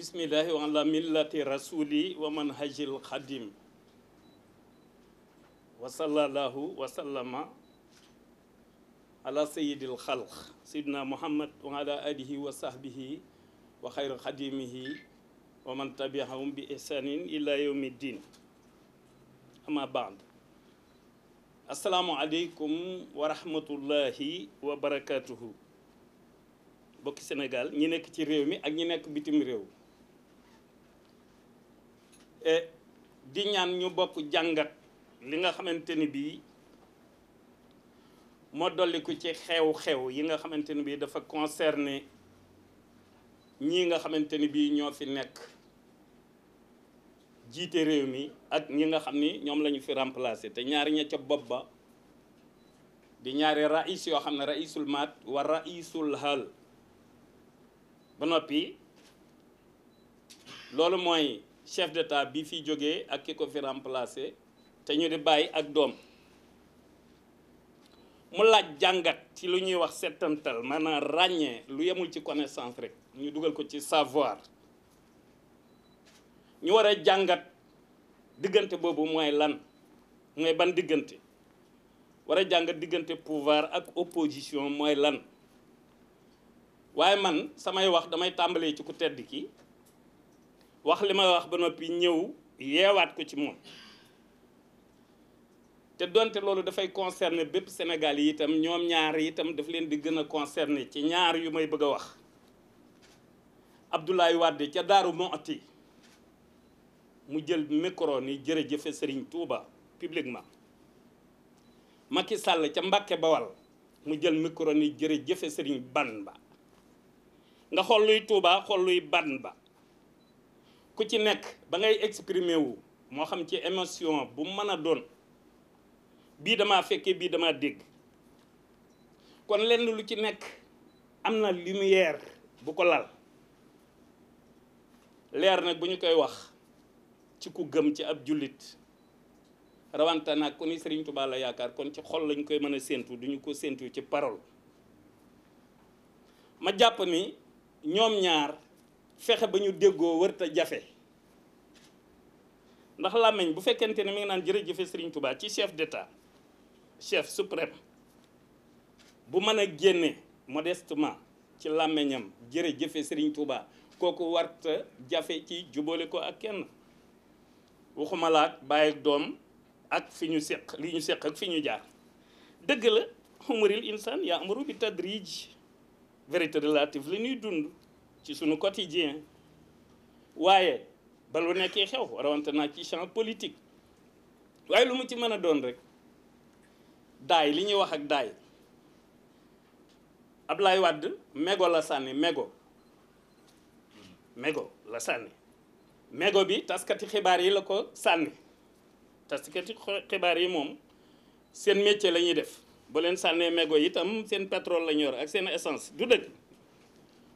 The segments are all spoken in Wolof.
bismillahi wa ala millati wa manhajil xadim wa sallallahu wa sallama ala sayidil xalq sayidina muhammad wa ala wa sahbihi wa xayri xadimihi wa man tabiahum bi ihsanin ila yawmi din ama baad asalaamualeykum wa rahmatullahi wa barakatuhu bokki Sénégal ñi nekk ci réew mi ak ñi nekk bitim réew Eh, di ñaan ñu bokk jàngat li nga xamante ni bii moo dolliku ci xew-xew yi nga xamante ni bii dafa concerné ñii nga xamante ni bii ñoo fi nekk jiite réew mi ak ñi nga xam ni ñoom lañu ñu fi remplacé te ñaari ña ca bopp ba di ñaari rais yoo xam ne raisul maat wa raïsul hal ba noppi loolu mooy chef d'état bi fi jógee ak kiko fi remplacer té ñu di bay ak dom mu laaj jangat ci lu ñuy wax settantal maanaam ragné lu yemul ci connaissance rek ñu dugal ko ci savoir ñu wara jangat digënté bobu moy lan moy ban digënté wara jangat digënté pouvoir ak opposition moy lan waye man samay wax damay tambalé ci ku tedd ki wax li ma wax ba noppi ñëw yeewaat ko ci moom te donte loolu dafay concerner bépp Sénégal yi itam ñoom ñaar itam daf leen di gën a concerner ci ñaar yu may bëgg a wax Abdoulaye wàdd ca Daaru Muxti mu jël micro ni jërëjëfe Serigne Touba publiquement Macky Sall ca Mbàkke wal mu jël micro ni jërëjëfe Serigne ba nga xool luy Touba xool luy Bamba ku ci nekk ba ngay exprimer wu moo xam ci émotion bu mën a doon bii damaa fekkee bii damaa dégg kon lenn lu ci nekk am na lumière bu ko lal leer nag bu ñu koy wax ci ku gëm ci ab jullit rawante nag ku ni Sëriñ Tuubaa la yaakaar kon ci xol lañ koy mën a séentu duñu ko séentu ci parole ma jàpp ni ñoom ñaar fexe ba ñu déggoo wërta jafe ndax làmmiñ bu fekkente ne mi ngi naan jërëjëfe sëriñ Touba ci chef d'état chef suprême bu mën a génne modestement ci làmmiñam jërëjëfe sëriñ Touba kooku warta jafe ci jubale ko ak kenn waxumalaat bàyyi doom ak fi ñu seq li ñu seq ak fi ñu jaar dëgg la humuril insan yaa amaru bi tadrij vérité relative li ñuy dund ci suñu quotidien waaye ba lu nekkee xew rawante naa ci champ politique waaye lu mu ci mën a doon rek daay li ñuy wax ak daay ab lay Wade mégo la sànni mégo mégo la sànni mégo bi taskati xibaar yi la ko sànni taskati xibaar yi moom seen métier la ñuy def ba leen sànnee mégo itam seen pétrole la ñu yor ak seen essence du dëgg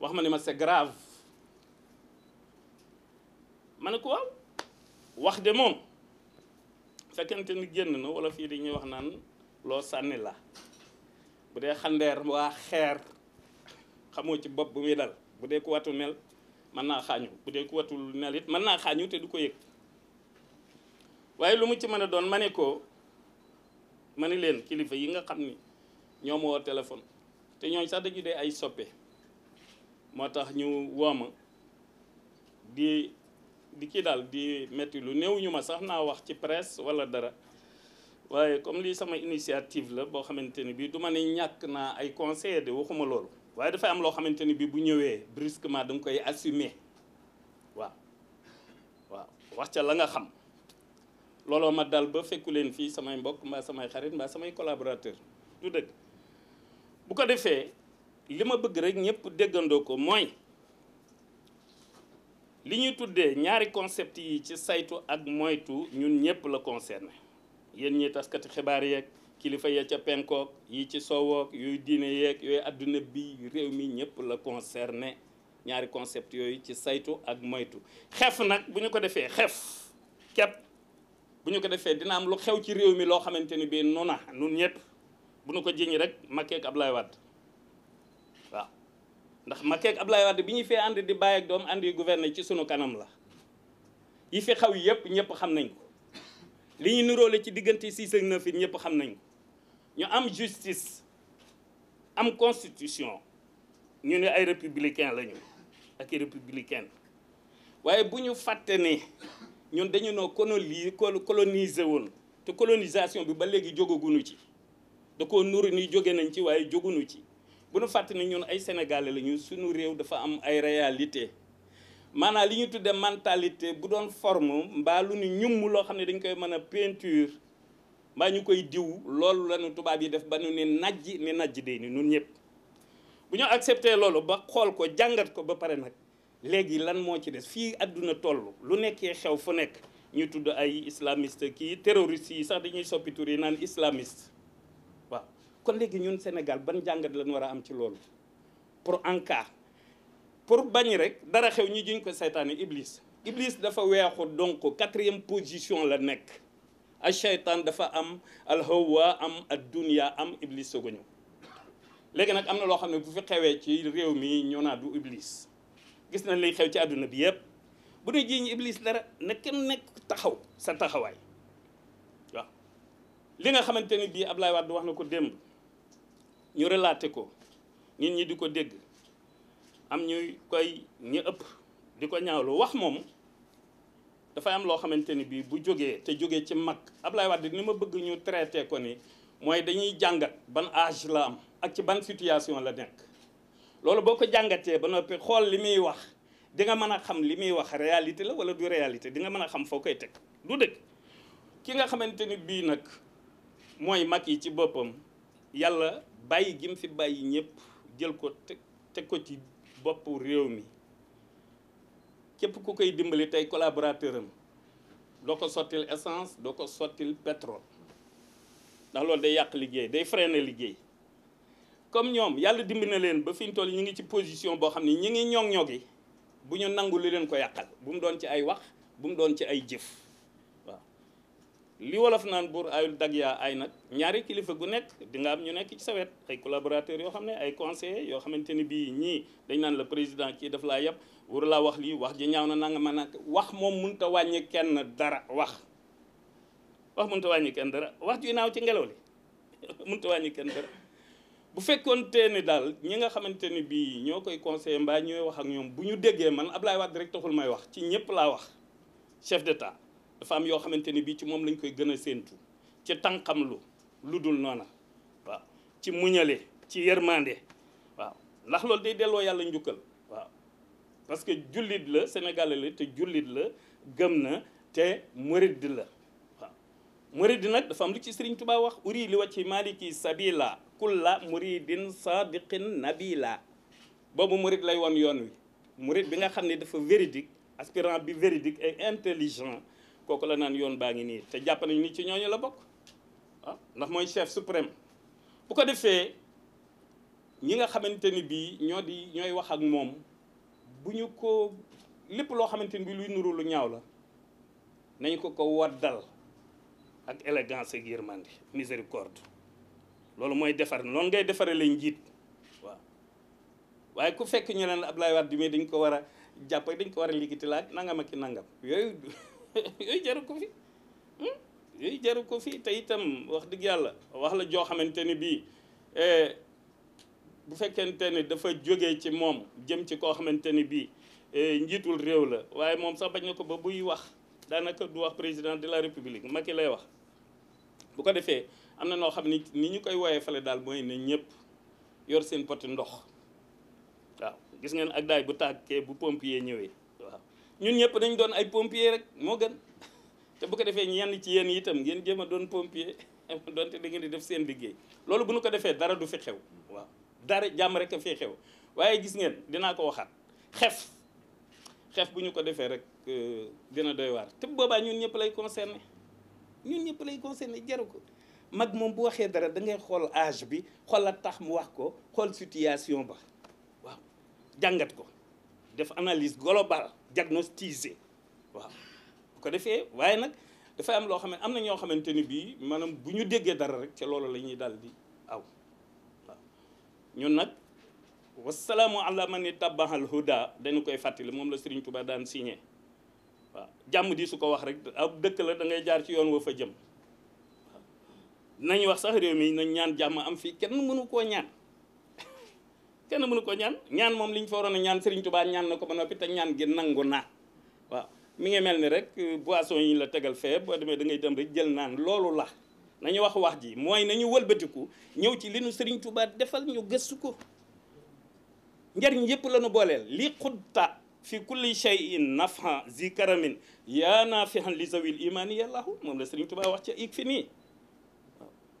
wax ma ne ma c'est ma ne ko wax de moom fekkente ni génn na wala fii dañuy wax naan loo sànni la bu dee xandeer waa xeer xamoo ci bopp bu muy dal bu dee ku watu nel mën naa xaañu bu dee ku watul nel it mën naa xaañu te du ko yëg waaye lu mu ci mën a doon ma ne ko ma ne leen kilifa yi nga xam ni ñoo ma woo téléphone te ñooñ sax dañu dee ay soppe motax ñu wooma di di ki dal di metti lu neew ñuma sax na wax ci presse wala dara waye comme li sama initiative la bo xamanteni bi duma du ma ne ñàkk naa ay conseillers de waxuma lool waye dafa am lo xamanteni bi bu ñëwee brusquement dang koy assumer waaw waaw wax ca la nga xam lolo ma dal ba fekku leen fii samay mbokk xarit sama collaborateur tout bu ko defee lima bëgg rek ñëpp déggandoo ko mooy li ñuy tuddee ñaari concept yi ci saytu ak moytu ñun ñëpp la concerné yéen ñi taskati xibaar yeeg kilifa ya ca penkook yi ci soowook yooyu diine yeeg yooyu àdduna bi réew mi ñëpp la concerné ñaari concept yooyu ci saytu ak moytu xef nag bu ñu ko defee xef képp bu ñu ko defee dina am lu xew ci réew mi loo xamante ni nona nun ñëpp bu ñu ko jiñ rek Macky ak Abdoulaye ndax maké ak Abdoulaye wad biñu ñu fee di baye ak doom andi gouverner ci sunu kanam la yi fi xaw yépp ñëpp xam nañ ko li ñu niroole ci digënté 6 ak neuf it xam nañ ko ñu am justice am constitution ñu ne ay républicains lañu ak i républicaine waye buñu faté né ñun dañu no coloni coloniser woon te colonisation bi ba légui jogoguñu ci da koo nuru ni jogé nañ ci waye jóguñu ci bu nu fàtte ñun ay sénégalais la ñu suñu réew dafa am ay réalité maanaam li ñu tudde mentalité bu doon forme mbaa lu nu ñum loo xam ne dañ koy mën a peinture mbaa ñu koy diw loolu lañu tubaab yi def ba nu ne najj ne najj day ni nun ñëpp bu ñu accepté loolu ba xool ko jàngat ko ba pare nag léegi lan moo ci des fii àdduna toll lu nekkee xew fu nekk ñu tudd ay islamiste kii terroriste yi sax dañuy soppi tur yi naan islamiste kon léegi ñun Sénégal ban jàngat lañ war a am ci loolu pour en cas pour bañ rek dara xew ñi juñ ko seytaane iblis iblis dafa weexu donc quatrième position la nekk a seytaan dafa am alhawa am addunia am iblis sooga ñëw léegi nag am na loo xam ne bu fi xewee ci réew mi ñoo naa du iblis gis nañ liy xew ci àdduna bi yëpp bu dee jiiñ iblis dara na kenn nekk taxaw sa taxawaay waaw li nga xamante ni bii Ablaye Wade wax na ko démb ñu relaté ko nit ñi di ko dégg am ñuy koy ñi ëpp di ko ñaawlu wax moom dafay am loo xamante ni bii bu jógee te jógee ci mag Ablaye Wade ni ma bëgg ñu traité ko ni mooy dañuy jàngat ban âge la am ak ci ban situation la nekk loolu boo ko jàngatee ba noppi xool li muy wax di nga mën a xam li muy wax réalité la wala du réalité di mën a xam foo koy teg du dëgg ki nga xamante ni bii nag mooy mag yi ci boppam yàlla bàyyi gi mu fi bàyyi ñëpp jël ko teg teg ko ci boppu réew mi képp ku koy dimbali tey collaborateur am doo ko sottil essence doo ko sottil pétrole ndax loolu day yàq liggéey day freiner liggéey comme ñoom yàlla dimbali na leen ba fi ñu toll ñu ngi ci position boo xam ne ñu ngi ñoŋ-ñoŋi bu ñu nangu li leen ko yàqal bu mu doon ci ay wax bu mu doon ci ay jëf. li wolof nan buur ayul dagya yaa ay nak ñaari kilifa gu nek di nga am ñu nek ci sawet ay collaborateur yo xamne ay conseiller yo xamanteni bi ñi dañ nan le président ki daf la yeb wur la wax li wax ji ñaaw na nang ma nak wax mën ta wañi kenn dara wax wax ta wañi kenn dara wax ju naaw ci ngelaw li ta wañi kenn dara bu fekkoonte ni dal ñi nga xamanteni bi bii conseiller mba ñoy wax ak ñom bu ñu man Ablaye rek taxul may wax ci ñepp la wax chef d'état dafa yoo xamante ni bii ci moom lañ koy gën a séentu ci tànqam lu lu dul noona waaw ci muñale ci yermande waaw ndax loolu day delloo yàlla njukkal waaw parce que jullit la sénégalais la te jullit la gëm na te murid la waaw murid nag dafa lu ci Sëriñ Tuubaa wax uri li wàcci maliki sabila kulla muridin sadiqin nabila boobu murid lay woon yoon wi murid bi nga xam ne dafa véridique aspirant bi véridique et intelligent Kokola la naan yoon baa ngi nii te jàpp nañu ni ci ñooñu la ah ndax mooy chef suprême bu ko defee ñi nga xamante bi bii di ñooy wax ak moom bu ñu ko lépp loo xamante ni bii luy nuru lu ñaaw la nañ ko ko waddal ak élégance ak yërmande miséricorde loolu mooy defar loolu ngay defare lañ njiit waaw waaye ku fekk ñu Abdoulaye dañ ko dañ ko nangam ak nangam yooyu jaru ko fi hmm? yooyu jaru ko fi te itam wax dëgg yàlla wax la joo xamante ni bii eh, bu fekkente ne dafa jóge ci moom jëm ci koo xamante ni bii eh, njiitul réew la waaye moom sax bañ na ko ba buy wax daanaka du wax président de la république Macky lay wax bu ko defee am na noo xam ni ni ñu koy woyee fale daal mooy na ñëpp yor seen poti ndox waaw gis ngeen ak daay bu tàkkee bu yee ñëwee ñun ñëpp dañ doon ay pompier rek moo gën te bu ko defee ñenn ci yéen itam ngeen jéem a doon pompier donte da ngeen di def seen liggéey loolu bu nu ko defee dara du fi xew waaw dara jàmm rek a fi xew waaye gis ngeen dinaa ko waxaat xef xef bu ñu ko defee rek euh, dina doy waar te boobaa ñun ñëpp lay concerné ñun ñëpp lay concerné jaru ko mag moom bu waxee dara da ngay xool âge bi xool la tax mu wax ko xool situation ba waaw jàngat ko def analyse globale diagnostisé waaw bu ko defé waye nak da fay am lo xamné amna ño xamanteni bi manam buñu déggé dara rek ci loolu la ñuy aw waaw ñun nag wasalaamu ala man tabahal huda dañ koy fàttali mom la Serigne Touba daan signé waaw jamm di su ko wax rek ab la da ngay jaar ci yoon wa fa jëm nañ wax sax réew mi nañ ñaan jamm am fi kenn mënu ko ñaan kenn mënu ko ñaan ñaan moom li ñu fa waroon a ñaan Serigne Touba ñaan na ko ba noppi te ñaan gi nangu na waaw mi ngi mel ni rek euh, boisson yi la tegal fee boo demee da ngay dem rek jël naan loolu la nañu wax wax ji mooy nañu wëlbatiku ñëw ci li nu Serigne Touba defal ñu gëstu ko njariñ yëpp la nu booleel li xutta fi kulli shay'in nafha zi karamin yaa nafihan li zawil imani yàllahu moom la Serigne Touba wax ca ik fi nii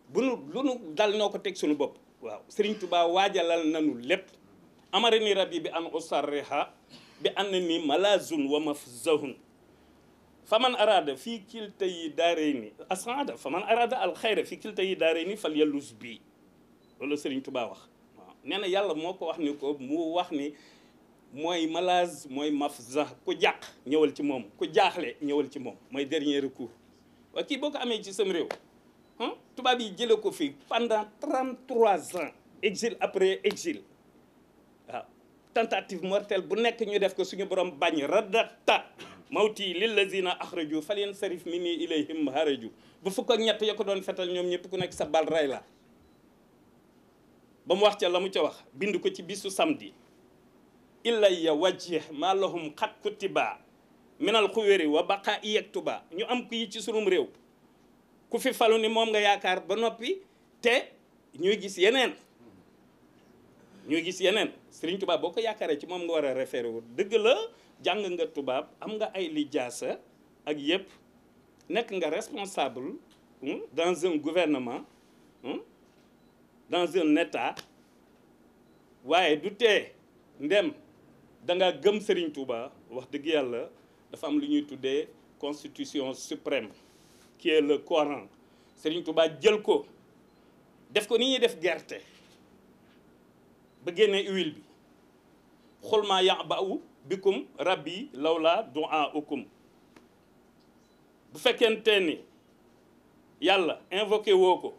bu nu lu nu dal noo ko teg suñu bopp waaw Serigne Touba waajalal nanu lépp amara ni rabbi bi an usarriha bi an ni malazun wa mafzahun faman arada fii kilta yi daarey ni asaada faman arada alxayra fii kilta yi daarey ni fal yallus bii loolu Serigne Touba wax waaw na yàlla moo ko wax ni ko mu wax ni mooy malaz mooy mafzah ku jàq ñëwal ci moom ku jaaxle ñëwal ci moom mooy dernier recours waaye kii boo ko amee ci sam réew tubaab yi jëlee fi pendant 33 ans exil après exil tentative mortelle bu nek ñu def ko suñu borom bañ radata mawti lillazina axraju falyen sarif minni ilayhim haraju bu fuk ak ñett ya ko doon fetal ñom ñëpp ku nek sa bal ray la bam wax ci lamu ci wax bind ko ci bisu samedi ilayya wajih ma lahum xat kutiba minal xuwéri wa baqa iyaktuba ñu am ku yi ci sunum rew ku fi falu ni mom nga yaakaar ba nopi te ñuy gis yenen ñuy gis yenen Serigne Touba boko ko ci mom nga wara référé wu deug la jang nga tubaab am nga ay jassa ak yépp nek nga responsable hmm, dans un gouvernement hmm, dans un état waaye du té ndem da nga gëm Serigne Touba wax dëgg yàlla dafa am li ñuy tuddé constitution suprême qui est le Coran Serigne Touba def ko ni def guerte ba huile bi ya'ba'u bikum rabbi lawla du'a'ukum bu ni yalla invoqué woko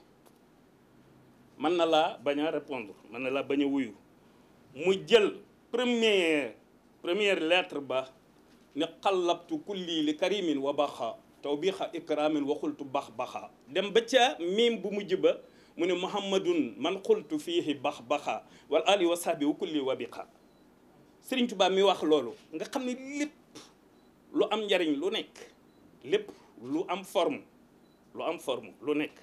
man na la répondre na première première lettre ba ne en kulli li karimin wa توبيخ إكرام وقلت بخ بخا دم بتا ميم بمجبة من محمد من قلت فيه بخ بخا والآل وصحبه وكل وبقى سرين تبا مي لولو نغا خمني لب لو أم يرين لو نيك لب لو أم فرم لو أم فرم لو نيك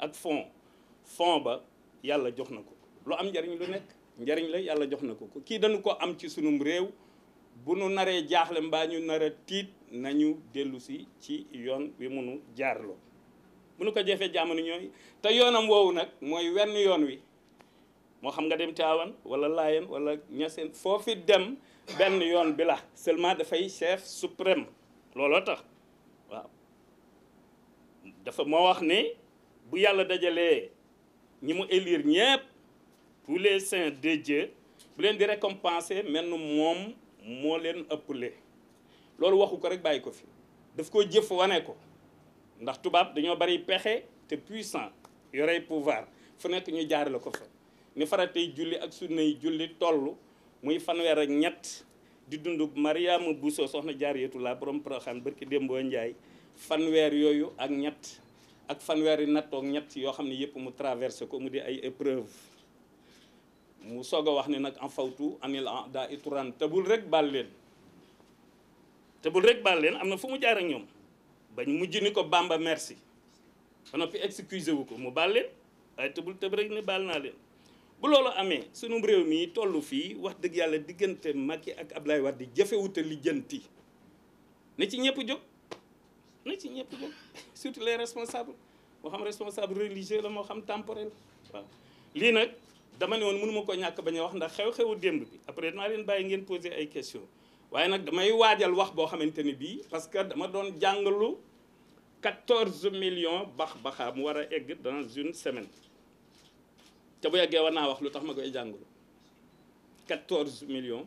أك فون فون با يالا جوخ نكو لو أم يرين لو نيك نجارين لا يالا جوخ نكو كي دانو أم تي ريو bu nu naree jaaxle mbaa ñu nar tiit nañu dellusi ci yoon wi munu jaarloo bu nu ko jëfee jamono ñooy te yoonam woowu nag mooy wenn yoon wi moo xam nga dem Tiwaawan wala Laayeen wala Ñaseen foo fi dem benn yoon bi la seulement dafay chef suprême looloo tax waaw dafa moo wax ni bu yàlla dajalee ñi mu élire ñëpp tous les saints de bu leen di récompenser mel ni moom moo leen loolu waxu ko rek bàyyi ko fi daf ko jëf wane ko ndax tubaab dañoo bari pexe te puissant yorey pouvoir fu nekk ñu jaar la ko fa ni faratey julli ak sunnay julli toll muy fanweer ak ñett di dund bu soo soxna Jaariyatu la borom proxaan barki Dembo Njaay fanweer yooyu ak ñett ak fanweeri nattoog ñett yoo xam ne yëpp mu traversé ko mu di ay épreuve mu soog a wax ne nag en fawtu anil an daa ituran tebul rek baal leen tebul rek baal leen am na fu mu jaar ak ñoom bañ mujj ni ko Bamba merci ba noppi excusé wu ko mu baal leen waaye tebul tëb rek ni baal naa leen bu loolu amee sunu réew mi tollu fii wax dëgg yàlla diggante Macky ak Abdoulaye Wade jafewut li jënti na ci ñëpp jóg na ci ñëpp jóg surtout les responsables moo xam responsable religieux la moo xam temporel waaw lii nag damane ne woon mënu ma ko ñàkk bañ wax ndax xew-xewu démb bi après dinaa len baye ngeen poser ay questions waye nak damay waajal wax bo xamanteni bi parce que dama don jàngalu 14 millions bax baxaa mu egg dans une semaine te bu yeggee war naa wax lutax ma koy jàngalu 14 millions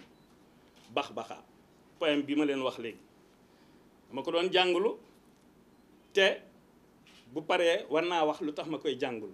bax baxaa poème bi ma len wax léegi dama ko don jàngalu te bu paré war naa wax lutax ma koy jàngalu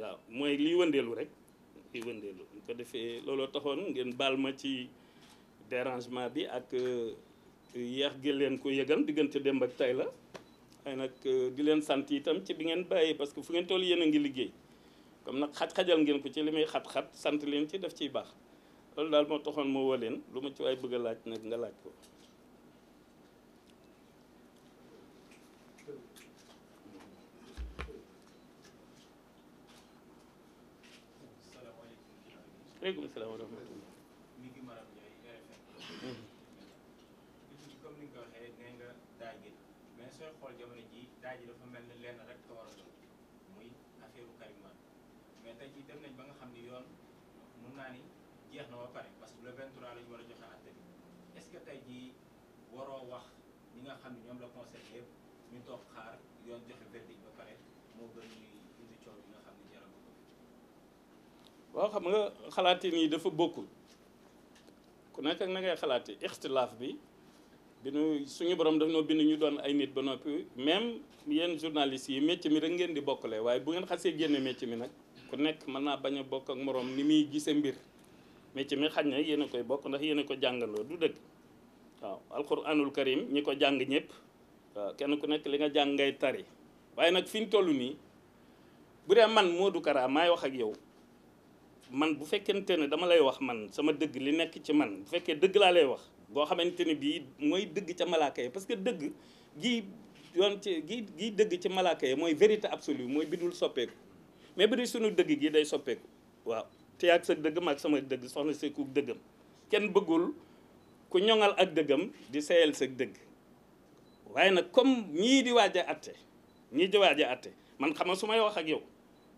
waaw mooy lii wëndeelu rek liy wëndeelu bu defee looloo taxoon ngeen baal ma ci dérangement bi ak euh, yéex gi leen ko yëgal diggante démb ak tay la ay nag euh, di leen sant itam ci bi ngeen bàyyi parce que fu ngeen tool yéen a ngi liggéey comme nag xaj-xajal ngeen ko ci li may xat-xat sant leen ci def ciy baax loolu daal moo taxoon moo woo leen lu ma ci waay bëgg a laaj nag nga laaj ko aleykum salaam wa rahmatullah mi ngi maram ñooy ko waxee nee nga daaj gi mais sooy xool jamono ji daaj gi dafa mel ni lenn rek ko muy affaire u Karim Wade mais mmh. tey jii dem nañ ba nga xam ni yoon mun naa ni jeex na ba pare parce que le 23 la ñu war a joxe àtte bi est-ce que tey jii waroo wax ñi nga xam ne ñoom la conseil yëpp ñu toog xaar yoon joxe verdict ba pare moo gën ñuy waaw xam nga xalaati yi dafa bokkul ku nekk ak na ngay xalaate ixtilaaf bi bi nu suñu borom daf noo bind ñu doon ay nit ba noppi même yéen journalistes yi métier mi rek ngeen di bokkale waaye bu ngeen xasee génne métier mi nag ku nekk mën naa bañ a bokk ak morom ni muy gisee mbir métier mi xaj na yéen a koy bokk ndax yéen a ko jàngandoo du dëgg waaw alquranul karim ñi ko jàng ñëpp waaw kenn ku nekk li nga jàng ngay tari waaye nag fiñ ñu toll nii bu dee man Modou Kara maay wax ak yow man bu fekkente ne dama lay wax man sama deug li nek ci man bu fekke deug la lay wax goo xamanteni bi moy deug ci ca yi ya, parce que deug gi yoon ci gi gii ci malaaka yi ya vérité absolue moy bidul sopek mais bu sunu deug gi day sopek waaw te ak sa deug mak sama deug soxna si ku deugam ken beugul ku ñongal ak deugam di seyel sa deug waye nak comme ñi di wajja atté ñi di wajja atté man xama nga wax ak yow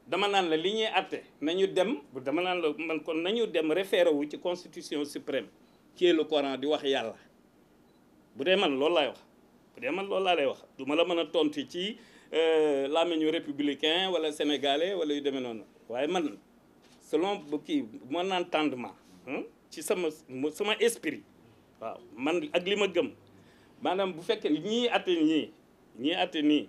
dama naan la li ñuy atte nañu dem dama naan la man kon nañu dem référé wu ci constitution suprême qui est le Coran di wax yàlla bu dee man loolu laay wax bu dee man loolu lay wax la euh, républicain wala sénégalais wala yu demee non. waaye man selon kii mon entendement hmm, ci sama sama esprit waaw man ak li ma gëm maanaam bu ni, ñii atte ñii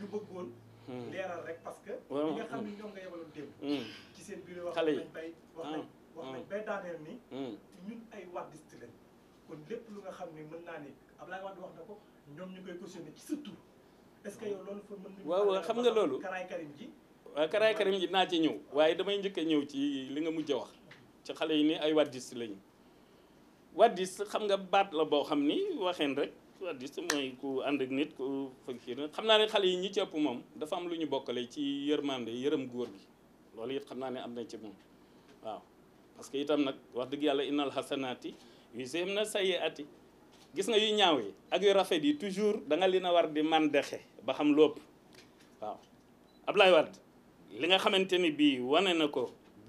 ñu bëggoon. Hmm. leeral rek parce que. li hmm. ci seen bureau wax nañ bay wax hmm. nañ ñun ay wàddist lañ kon lépp lu nga xam ne mën naa ne Abdoulaye Wade wax na ko ñoom ñu koy cautionné ci sa tur est-ce que waaw waaw xam nga loolu Karaay Karim ji. waaw Karaay Karim ji naa ci ñëw waaye damay njëkk a ñëw ci li nga mujj wax ci xale yi ni ay wàddist lañu wàddist xam nga baat la boo xam ni waxeen rek. hadis mooy ku ànd nit ku fakir xam naa ne xale yi ñi ci moom dafa am lu ñu bokkale ci yërmande yërëm góor gi loolu it xam naa ne am na ci moom waaw parce que itam nag wax dëgg yàlla na hasanaati yuzhibna sayyi'ati gis nga yu ñaaw yi ak yu rafet yi toujours da nga leen a war di mandexe ba xam lépp waaw Ablaye Wade li nga xamante ni bii wane na ko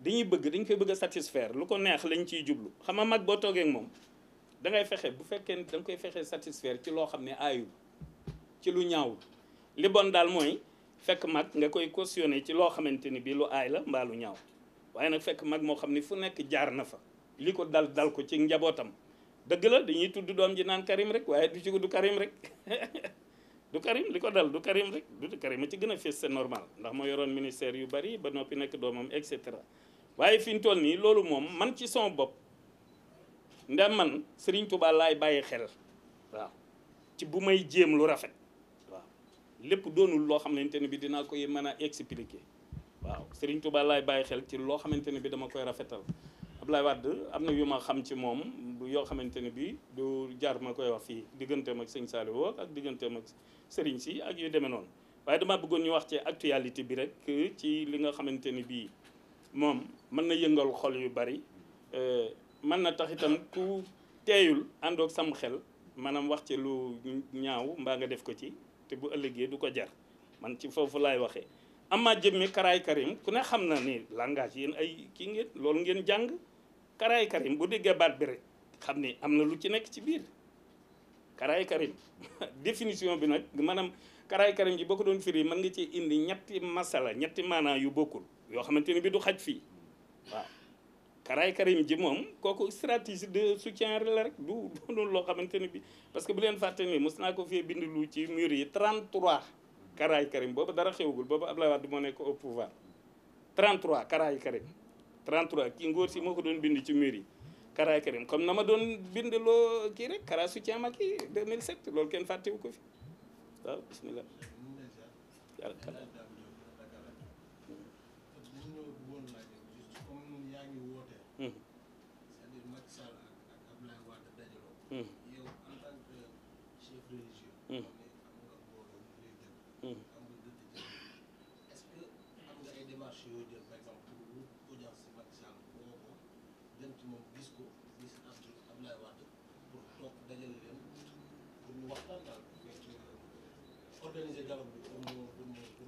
dañuy bëgg dañ koy bëgg satisfaire lu ko neex lañ ciy jublu xam nga mag boo toogee ak moom da ngay fexe bu fekkee ne da nga koy fexe satisfaire ci loo xam ne aayul ci lu ñaawul li bon daal mooy fekk mag nga koy cautionné ci loo xamante ni bi lu aay la mbaa lu ñaaw waaye nag fekk mag moo xam ne fu nekk jaar na fa li ko dal dal ko ci njabootam dëgg la dañuy tudd doom ji naan Karim rek waaye du ci du Karim rek du Karim li ko dal du Karim rek du Karim ci gën a fees c'est normal ndax moo yoroon ministère yu bari ba noppi nekk doomam et cetera waaye fii ñu toll nii loolu moom man ci son bopp ndax man sëriñ Touba laay bàyyi xel waaw ci bu may jéem lu rafet waaw lépp doonul loo xamante ne bi dinaa koy mën a expliquer waaw Serigne Touba laay bàyyi xel ci loo xamante ne bi dama koy rafetal Abdoulaye am na yu ma xam ci moom yoo xamante ne bi du jaar ma koy wax fii digganteem ak sëñ Saliou ak digganteem ak sëriñ si ak yu demee noonu waaye dama bëggoon ñu wax ci actualité bi rek ci li nga xamante ni bii moom mën na yëngal xol yu bari euh, mën na tax itam ku teeyul àndoog sam xel maanaam wax ci lu ñaaw mbaa nga def ko ci te bu ëllëgee du ko jar man ci foofu laay waxee. amma jëmmi karaay karim ku ne xam na ni langage yéen ay kii ngeen loolu ngeen jàng karaay karim bu déggee baat bi rek xam ni am na lu ci nekk ci biir karaay karim définition bi nag maanaam karaay karim yi boo ko doon firi man nga ci indi ñetti masala ñetti maanaa yu bokkul yoo xamante ni bi du xaj fii waaw Karaay Karim ji moom kooku stratégie de soutien la rek du du loo xamante ne bi parce que bu leen fàtte ni mos naa ko fee bind lu ci mur yi 33 Karaay Karim boobu dara xewagul boobu Abdoulaye Wade moo nekk au pouvoir 33 Karaay Karim 33 kii ngóor si moo ko doon bind ci mur yi Karaay Karim comme na ma doon bind loo kii rek Kara soutien Macky set loolu kenn fàttewu ko fi waaw bismillah c'est-à-dire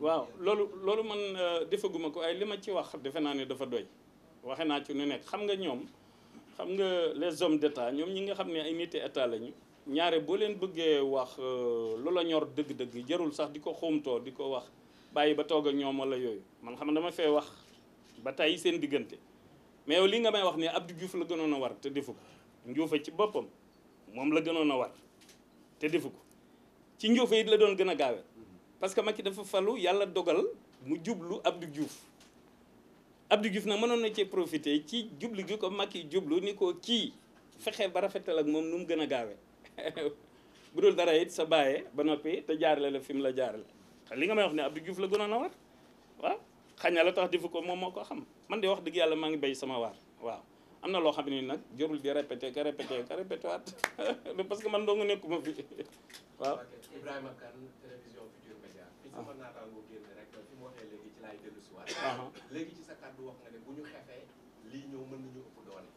waaw loolu loolu man euh, defaguma ko ay li ma ci wax defe naa ne dafa doy. waxe naa ci nu nekk xam nga ñoom xam nga les hommes d'état ñoom ñi nga xam ne ay niti état lañu ñaare boo leen bëggee wax euh, lu la ñor dëgg-dëgg jarul sax di ko xuumtoo di ko wax bàyyi ba toog ñoom wala yooyu man xam ne dama fee wax ba tey seen diggante mais yow li nga may wax ne Abdou Diouf la gënoon a war te defu ko njuufa ci boppam moom la gënoon a war te defu ko ci njuufa yi la doon gën a gaawe parce que Macky dafa falu yàlla dogal mu jublu Abdou Diouf Abdou Diouf na mënon na ci profiter ci djublu gi ko makki djublu ni ko ki fexé ba rafetal ak mom num gëna gaawé a bu dul dara yit sa baye ba nopi te jaarale la fi mu la jaarale li nga may wax ni Abdou Diouf la gëna na war wa xagna la tax difu ko mom moko xam man di wax deug yalla ma ngi bay sama war wa amna lo xamni nak jorul di répété ka répété ka répété mais parce que man do nga nekuma fi wa Ibrahima Kane télévision Futurs Médias léegi ci sa kàddu wax nga ne bu ñu xefee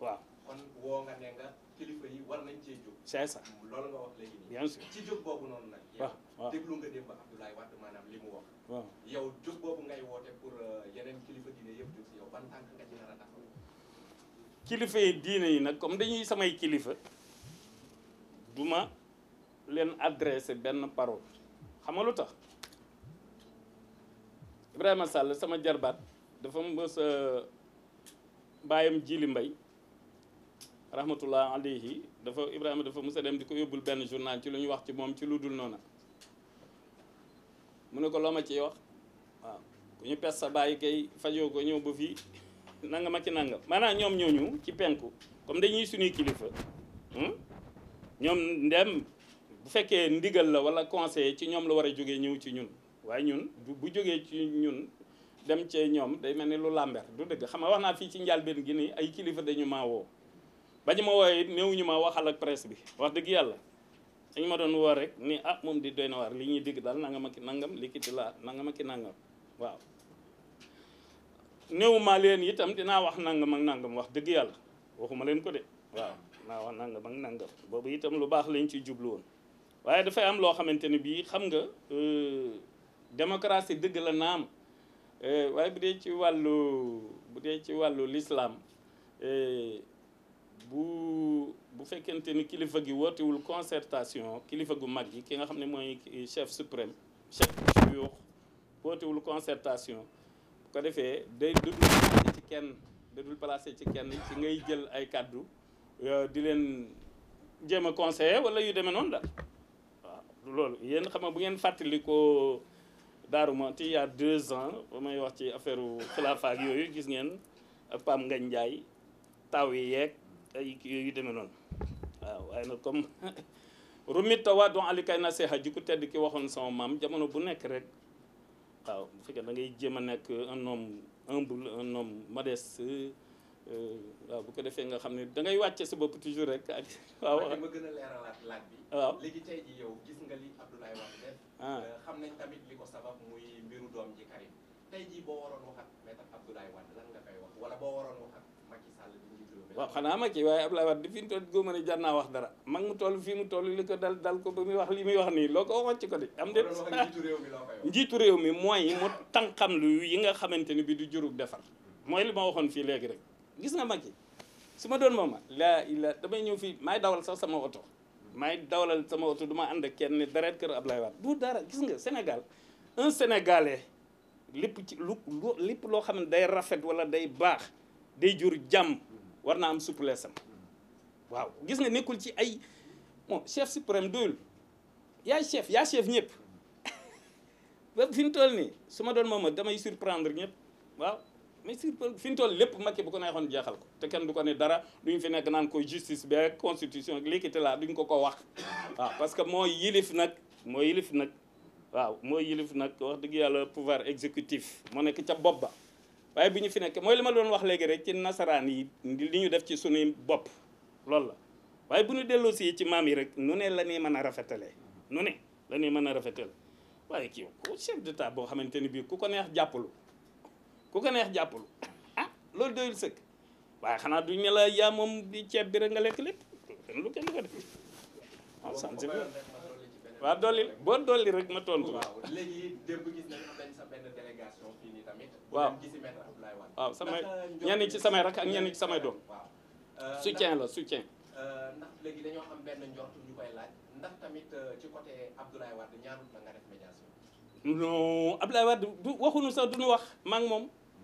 waaw kon woo nga ne nga kilifa yi war nañ cee jóg c'est ça loolu nga wax léegi nii bien sûr ci jóg boobu noonu nag yow déglu nga démb Abdoulaye Wade maanaam li mu wax waaw yow jóg boobu ngay pour euh, kilifa yow ban nga ci kilifa yi yi comme dañuy samay kilifa duma leen adressé ben parole xam nga Ibrahima Sall sama jarbaat dafa mës a bàyyam jili mbay rahmatullah alayhi dafa Ibrahima dafa mës a dem di ko yóbbul benn journal ci lu ñu wax ci moom ci lu dul noona mu ne ko loo ma ciy wax waaw ku ñu pes sa bàyyi kay fajoo ko ñëw ba fii nangam ma ci nangam maanaam ñoom ñooñu ci penku comme dañuy suñuy kilifa hmm? ñoom ndem bu fekkee ndigal la wala conseil ci ñoom la war a jógee ñëw ci ñun waaye ñun bu jógee ci ñun dem ci nyom day melni lu lambert du deug xam nga waxna fi ci njal ben nii ay kilifa dañu ma wo bañu ma woy néewuñu ma waxal ak presse bi wax deug yalla dañu ma doon wo rek ni ah mom di doy na li ñuy dégg daal nangam ak nangam li kiti laa nangam ak nangam waaw néew maa leen itam dina wax nangam ak nangam wax deug yalla waxuma len ko de waaw na wax nangam ak nangam bobu itam lu bax lañ ci jublu waye da fay am lo xamanteni bi xam nga euh, Demokrasi deug la naam euh way budé ci walu bu ci walu l'islam euh bu bu fekkente ni kilifa gi wul concertation kilifa gu maggi ki nga xamné moy chef suprême chef woti wul concertation bu ko défé day dudul placé ci kenn dudul placé ci kenn ci ngay jël ay euh di len jema a conseiller wala yu démé non da waaw yeen xama bu ngeen fatali ko Daaru Moti il deux ans ba may wax ci affaire xilaafa yooyu gis ngeen Pam Ngañ Njaay taw yi yeeg ay yooyu demee noonu waaw waaye nag comme rumit tawa don alikay na seexa ji ku tedd ki waxoon sama maam jamono bu nekk rek waaw bu fekkee da ngay jéem a nekk un homme humble un homme modeste Euh, waaw bu ko defee nga xam ne da ngay wàcce sa bopp toujours rek ak waaw ma gën a leeralaat laaj bi waaw léegi tey ji yow gis nga li Abdoulaye Wade def ah. euh, xam nañ tamit li ko sabab muy mbiru doom ji Karim tey ji boo waroon wax ak maître Abdoulaye Wade lan nga koy wax wala boo waroon wax ak Macky Sall bi njiit réew waaw xanaa Macky waaye Abdoulaye Wade fi mu toll góoma ne jar naa wax dara mag mu toll fii mu toll li ko dal dal ko ba muy wax li muy wax nii loo ko waxoon ci ko de am de njiitu réew mi mooy mu tànqam lu yi nga xamante ni bi du jurug defar mooy li ma waxoon fii léegi rek gis nga Macky su ma doon mooma laa illa damay ñëw fii maay dawal sax sama oto maay dawalal sama oto du ma ànd kenn ni dara kër Ablaye Wade du dara gis nga Sénégal un Sénégalais lépp ci lu lépp loo xam ne day rafet wala day baax day jur jàmm war naa am souplesse am waaw gis nga nekkul ci ay bon chef suprême doyul yaay chef yaa chef ñëpp ba fi mu toll nii su ma doon mooma damay surprendre ñëpp waaw mais si tol lepp toll bu ko neexoon jeexal ko te kenn du ko ne dara duñ fi nek nan ko justice bi ak constitution ak l'équité la duñ ko ko wax waaw parce que moy yilif nak moy yilif nak waaw moy yilif nak wax deug yalla pouvoir exécutif moo nekk ca bop ba waye bi fi nek moy lima doon wax légui rek ci nasaran yi liñu def ci suñuy bop loolu la waye buñu ñu delloo ci maam yi rek nu né la ñuy mëna a nu né la ñuy mëna a waye waaye kii chef d'état bo xamante bi ku ko neex jàppalu ku ko neex jappalu ah lol doyul seuk waye xana duñ ne la ya mom di ceeb bi rek nga lekk lépp lu kenn ko def ah, waaw sant si waaw dolli boo dolli rek ma tontu wa léegi debbu gis nañu dañ sa ben délégation fi ni tamit waaw ci maître Abdoulaye Wade waaw sama ñenn ci sama rak ak ñenn ci sama do waaw euh, euh, soutien la soutien euh, ndax léegi dañu xam ben njort ñu laaj ndax tamit ci côté Abdoulaye Wade ñaanu la nga def médiation non Abdoulaye Wade du waxuñu sax duñu wax mak mom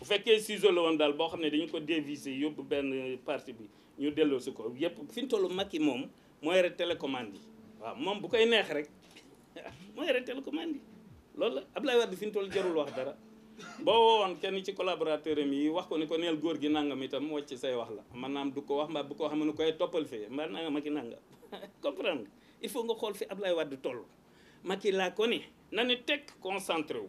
bu fekkee ciseau la woon daal boo xam ne dañu ko dévisé yóbbu benn parti bi ñu delloo si ko yëpp fi ñu toll Macky moom moo yore télécommande yi waaw moom bu koy neex rek moo yore télécommande yi loolu la Abdoulaye Wade fi ñu toll jarul wax dara boo kenn ci collaborateur yi wax ko ne ko neel góor gi nangam itam wàcc say wax la maanaam du ko wax mbaa bu ko xam ne koy eh, toppal fee mbaa nangam ak i nangam comprendre il faut nga xool fi Abdoulaye Wade toll Macky laa ko ni na ni tekk concentré wu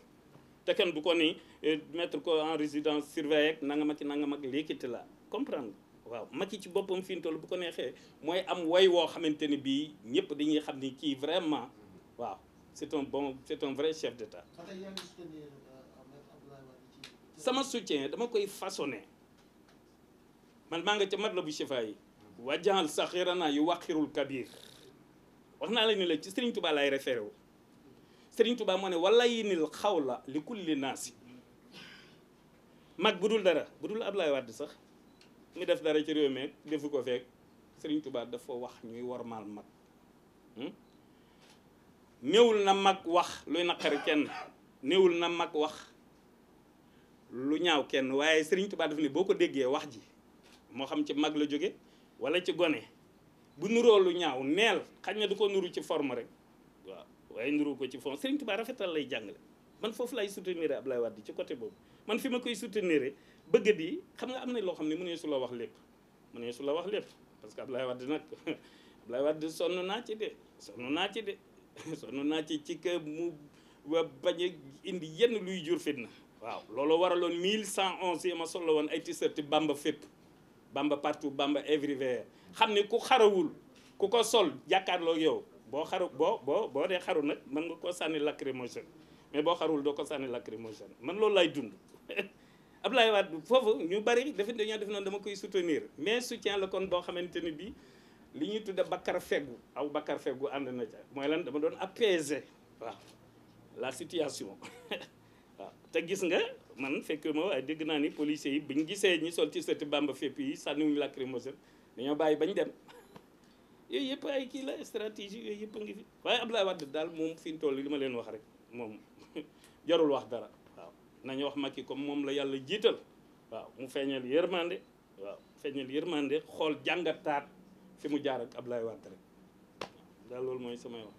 Si bu ko ni eh, mettre en résidence surveillée ma la comprendre waaw ci bu ko nexé moy am way wo xamanteni bi dañuy vraiment waaw c'est un bon c'est un vrai chef d'état euh, sama soutien dama koy façonné man ma nga ci bu un yi yu waqirul kabir la ci Serigne Touba référé Sëriñ Tuubaa moo ne wala yinil la li kulli naasi mag bu dul dara bu dul Ablaye Wàdd sax mi def dara ci réew meeg defu ko feek Sëriñ Tuubaa dafa wax ñuy war wormaal mag hmm? néewul na mag wax luy naqari kenn néewul na mag wax lu ñaaw kenn waaye Sëriñ Tuubaa daf ne boo ko déggee wax ji moo xam ci mag la jóge wala ci gone bu nuroo lu ñaaw neel xañ na du ko nuru ci forme rek ay nduru ko ci fond Serigne Touba rafetal lay jàngale man foofu lay soutenir Ablaye Wade ci côté boobu man fi ma koy soutenir bëgg di xam nga am na loo xam ne mu ne su la wax lépp mu ne su la wax lépp parce que Ablaye Wade nag Ablaye Wade sonn naa ci de sonn naa ci de sonn naa ci ci kër mu bañ a indi yenn luy jur fitna waaw loolu waraloon cent 1111 yi ma solo woon ay t-shirt Bamba fépp Bamba partout Bamba everywhere xam ne ku xarawul ku ko sol jàkkaarloo yow boo xaru boo boo boo dee xaru nag mën nga koo sànni lacrymogène mais boo xarul doo ko sànni lacrymogène man loolu lay ab Ablaye Wade foofu ñu bari dafa dañoo def noonu dama koy soutenir mais soutien la kon boo xamante ni bii li ñuy tudde bakkar feggu aw bakkar feggu ànd na ca mooy lan dama doon apaiser waaw la situation waaw te gis nga man fekk ma waaye dégg naa ni policiers yi bu ñu gisee ñi sol ci seti bamba fépp yi sànniwuñu lacrymogène dañoo bàyyi bañ dem yooyu yëpp ay kii la stratégie yooyu yëpp a ngi fi waaye Abdoulaye Wade daal moom fi toll li ma leen wax rek moom jarul wax dara waaw nañu wax Macky comme moom la yàlla jiital waaw mu feeñal yërmande waaw feeñal yërmande xool jàngataat fi mu jaar ak Abdoulaye Wade rek daal loolu mooy samay wax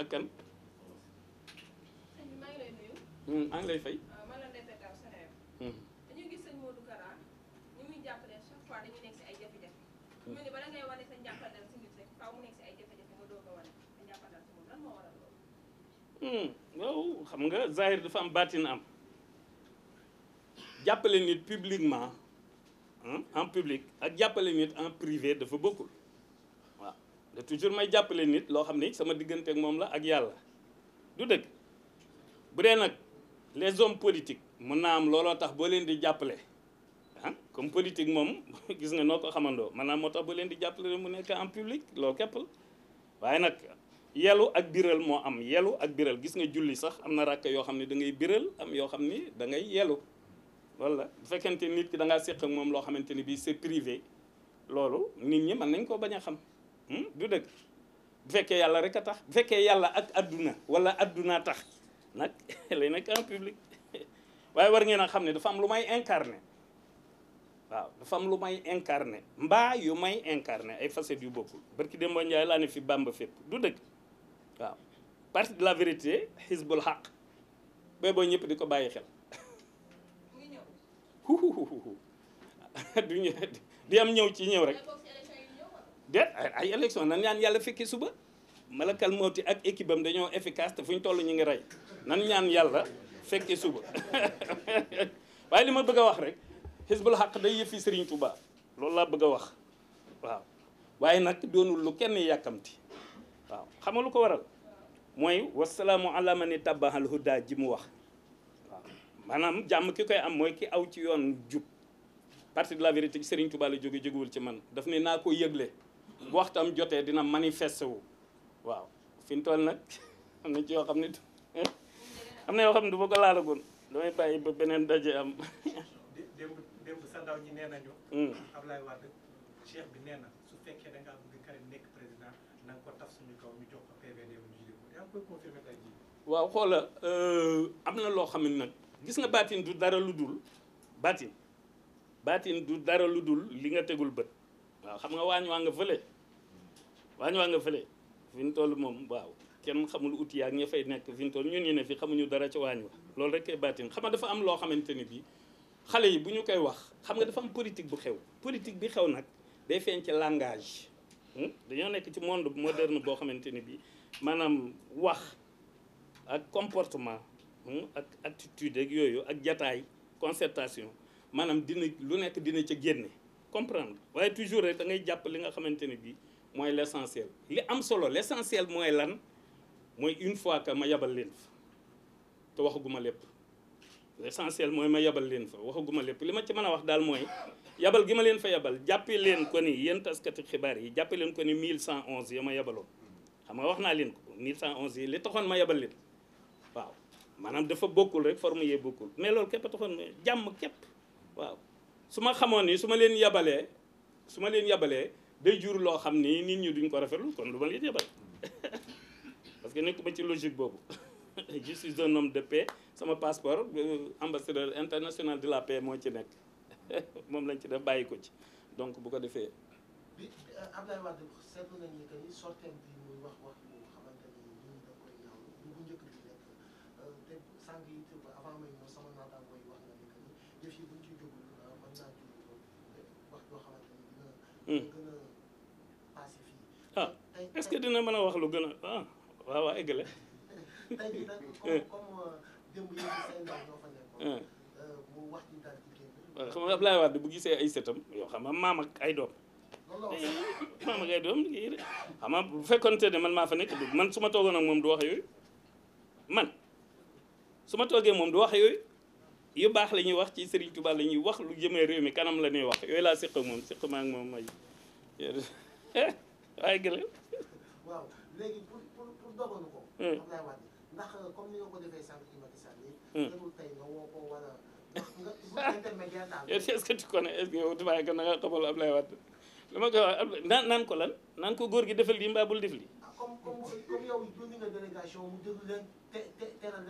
ak kan. maa ngi lay nuyu. Hmm, maa ngi lay fay. Ah, lay fay waaw hmm. xam nga zahir dafa am baatin am jàppale nit publiquement en public ak jàppale nit en privé dafa bokkul waaw de toujours may jàppale nit loo xam ni sama diggante ak moom la ak yàlla du dëgg bu dee nag les hommes politiques mën naa am looloo tax boo leen di jàppale ah comme politique moom gis nga noo ko xamandoo naa moo tax boo leen di jàppale mu nekk en public loolu képp waaye nag yelu ak biral mo am yelu ak biral gis nga julli sax am na yo xamni da ngay biral am yo xamni da ngay yelu wala bu fekkente nit ki da nga sekk mom lo xamanteni bi c'est privé lolu nit ñi man nañ ko baña xam hmm du deug bu fekke yalla rek tax bu ak aduna wala aduna tax nak lay nak en public waaye war ngeena xamni dafa am lu may incarner waaw dafa am lu may incarner mba yu may incarner ay facette yu bokul barki dembo Njaay la ne fi bamba fépp du deug waaw parti de la vérité xisbul xaq bay boo ñëpp di ko bàyyi xel du ñëw di am ñëw ci ñëw rek déet ay élection nan ñaan yàlla fekkee suba malakal mawti ak équipe am dañoo efficace te fu ñu toll ñu ngi rey nan ñaan yàlla fekkee suba waaye li ma bëgg a wax rek xisbul xaq day yëfi Serigne Touba loolu laa bëgg a wax waaw waaye nag doonul lu kenn yàkkamti waaw xam nga lu ko waral mooy wasalaamu ala ni tabahal huda ji mu wax waaw maanaam jàmm ki koy am mooy ki aw ci yoon jub partie de la vérité ci Serigne Touba jóge jógewul ci man daf ne naa ko yëgle bu waxtam jotee dina manifesté wu waaw fi mu nag am na ci yoo xam ne eh? na yoo xam ne du ma ko laalagoon damay bàyyi ba beneen daje am. démb démb sa hmm. bi nee na ko taf suñu kaw ñu jox waaw xoola euh, am na loo xam ne nag gis nga baatin du dara lu dul baatin baatin du dara lu dul li nga tegul bët waaw xam nga waañ waa nga fële waañ waa nga fële fi mu toll moom waaw kenn xamul outil yaak ña fay nekk fi mu toll ñun ñu ne fi xamuñu dara ca waañ wa loolu rek kay baatin xam nga dafa am loo xamante ni bii xale yi bu ñu koy wax xam nga dafa am politique bu xew politique bi xew nag day feeñ ci langage Hmm? dañoo nekk ci monde moderne boo xamante ni bii maanaam wax ak comportement hmm, ak attitude ak yooyu ak jataay concertation maanaam dina lu nekk dina ca génne comprendre waaye toujours rek da ngay jàpp li nga xamante ni bii mooy l' essentiel li am solo l' essentiel mooy lan mooy une fois que ma yabal leen fa te waxaguma lépp l' mooy ma yabal leen fa waxaguma lépp li ma ci mën a wax daal mooy yabal gima len fa yabal jàppee leen ko ni yéen taskati xibaar yi jàppee leen ko ni 1111 yama ma xam nga waxna len leen ko 1111 li taxoon ma yabal leen waaw manam dafa bokul rek forme yee bokkul mais lol képp a jam kep waaw suma xamone xamoon ni su ma leen yabalee su ma day jur lo xamni ni nit ñi duñ ko rafetlu kon luma ma yabal parce que ba ci logique boobu je suis un homme de paix sama passeport euh, ambassadeur international de la paix mo ci nek moom lañ ci def bàyyi ci donc bu ko defee. bi euh, Abdoulaye Wade nañ ni que ni sorteem bi muy wax wax bu xamante ni da koy ñaaw ñu bu njëkk bi nekk euh, te sànq yi te avant may ñëw sama naataangoo yi wax na ni que ni yëf yi buñ ciy jóg euh, mën naa jóg wax joo xamante hmm. dina. gën a ah est-ce que dina mën a wax lu gën ah waaw waaw eggale. tey jii nag eh. comme comme démb yi seen ndaw ñoo fa nekkoon. Eh. mu wax ci daal xam nga Abdoulaye Wade bu gisee ay sëtam yoo xam nga maam ak ay doom maam ak ay doom xam nga bu fekkonte ne man maa fa nekk man su ma toogoon ak moom du wax yooyu ma toogee moom du wax yu baax la ñuy wax ci Serigne Touba la ñuy wax lu jëmee réew mi kanam la ñuy wax yooyu laa séq moom séq ma moom may waaye gële est-ce que tu connais est-ce yi na nga xamal Ablaye Wade wax naan ko lan naan ko góor gi defal lii mbaa bul def lii. Ah,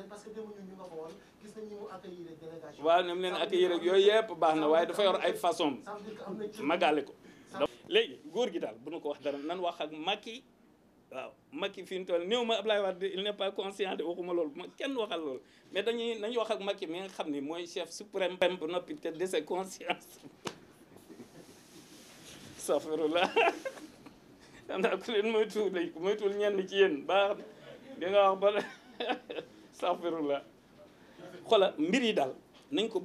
parce que gis nañ ni mu accueillir waaw ni leen accueillir ak yooyu yëpp baax na waaye dafa yor ay façon magale ko. léegi góor gi daal bu nu ko wax dara nan wax ak Macky Macky de ce il n'est pas conscient de waxuma mais dañuy wax ak Macky mi nga chef suprême de sa conscience safirula N'a ci baax nga wax ba nañ ko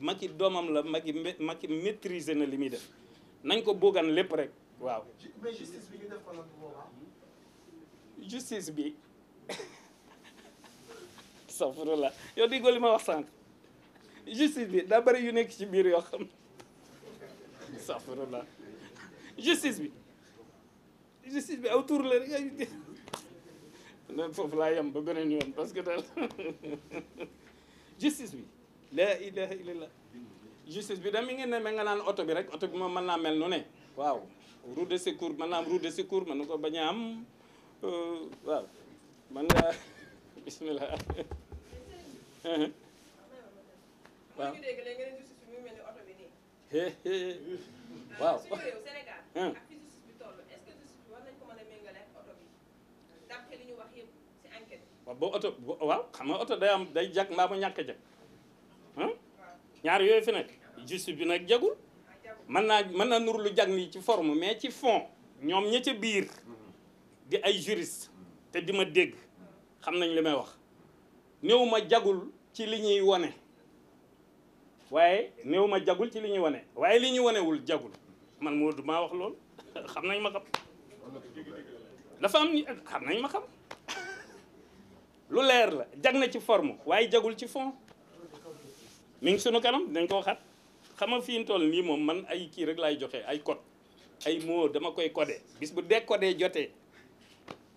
Macky la maîtriser na limi def nañ ko rek waaw bi ñu def justice bi la. Yo di li ma wax sànq justice bi daa bëri yu nek ci biir yo ya, xam safurullah justice bi justice bi aw tur la rek ay non fof la yam ba benen yoon parce que dal justice bi la ilaha illallah justice bi da ngi ne ma nga nan auto bi rek auto bi mo man na mel nu ne waaw de secours waaw man laa bismillah waaw waaw waaw oto waaw xam nga oto day am day jag mbaa mu ñàkk a jag ñaar yooyu fi nekk bi nag ah, jagul mën naa mën naa nur lu jag nii ci forme mais ci fond ñoom ña ca di ay juriste te di ma dégg xam nañ li may wax néew ma jagul ci li ñuy wane waaye néew ma jagul ci li ñuy wane waaye li ñuy wanewul jagul man moo du maa wax lool xam nañ ma xam dafa am xam nañ ma xam lu leer la jag na ci form waaye jagul ci fond mi ngi sunu kanam dañ ko waxaat xam nga fi ñu nii moom man ay kii rek laay joxe ay code ay moo dama koy codé bis bu décodé jotee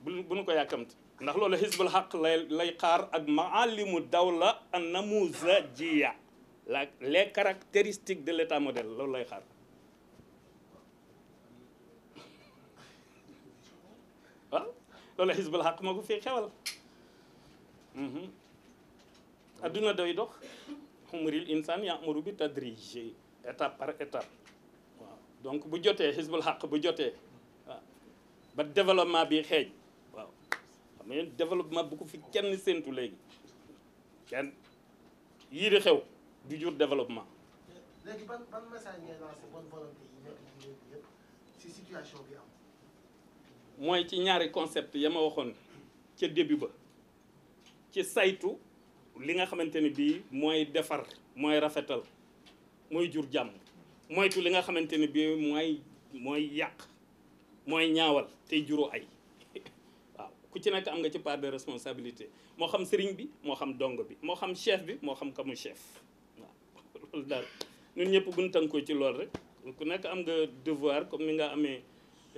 بنو كو ياكمت ناخ لولو حزب الحق لاي لاي خار اك معالم الدوله النموذجيه لا لي كاركتيرستيك دي لتا موديل لولو لاي خار لولو حزب الحق ماكو في خيوال اها ادونا دوي دوخ عمر الانسان يامر بتدريج etap par etap donc bu joté hizbul haq bu joté ba développement bi mais développement bu fi kenn séentu léegi kenn yii di xew du jur développement. mooy ci ñaari concept ya ma waxoon ca début ba ci saytu li nga xamante ni bii mooy defar mooy rafetal mooy jur jàmm moytu li nga xamante ni bii mooy mooy yàq mooy ñaawal tey juroo ay. ku ci nekk am nga ci part de responsabilité moo xam sëriñ bi moo xam dongo bi moo xam chef bi moo xam kamu chef waaw loolu daal ñun ñëpp buñ tënkoo ci lool rek ku nekk am nga devoir comme ni nga amee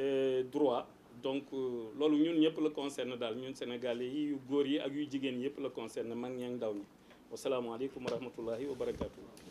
euh, droit donc euh, loolu ñun ñëpp la concerne daal ñun sénégalais yi yu góor yi ak yu jigéen yëpp la concerne mag ñeen ndaw ñi wasalaamaaleykum wa rahmatullahi wa barakatuh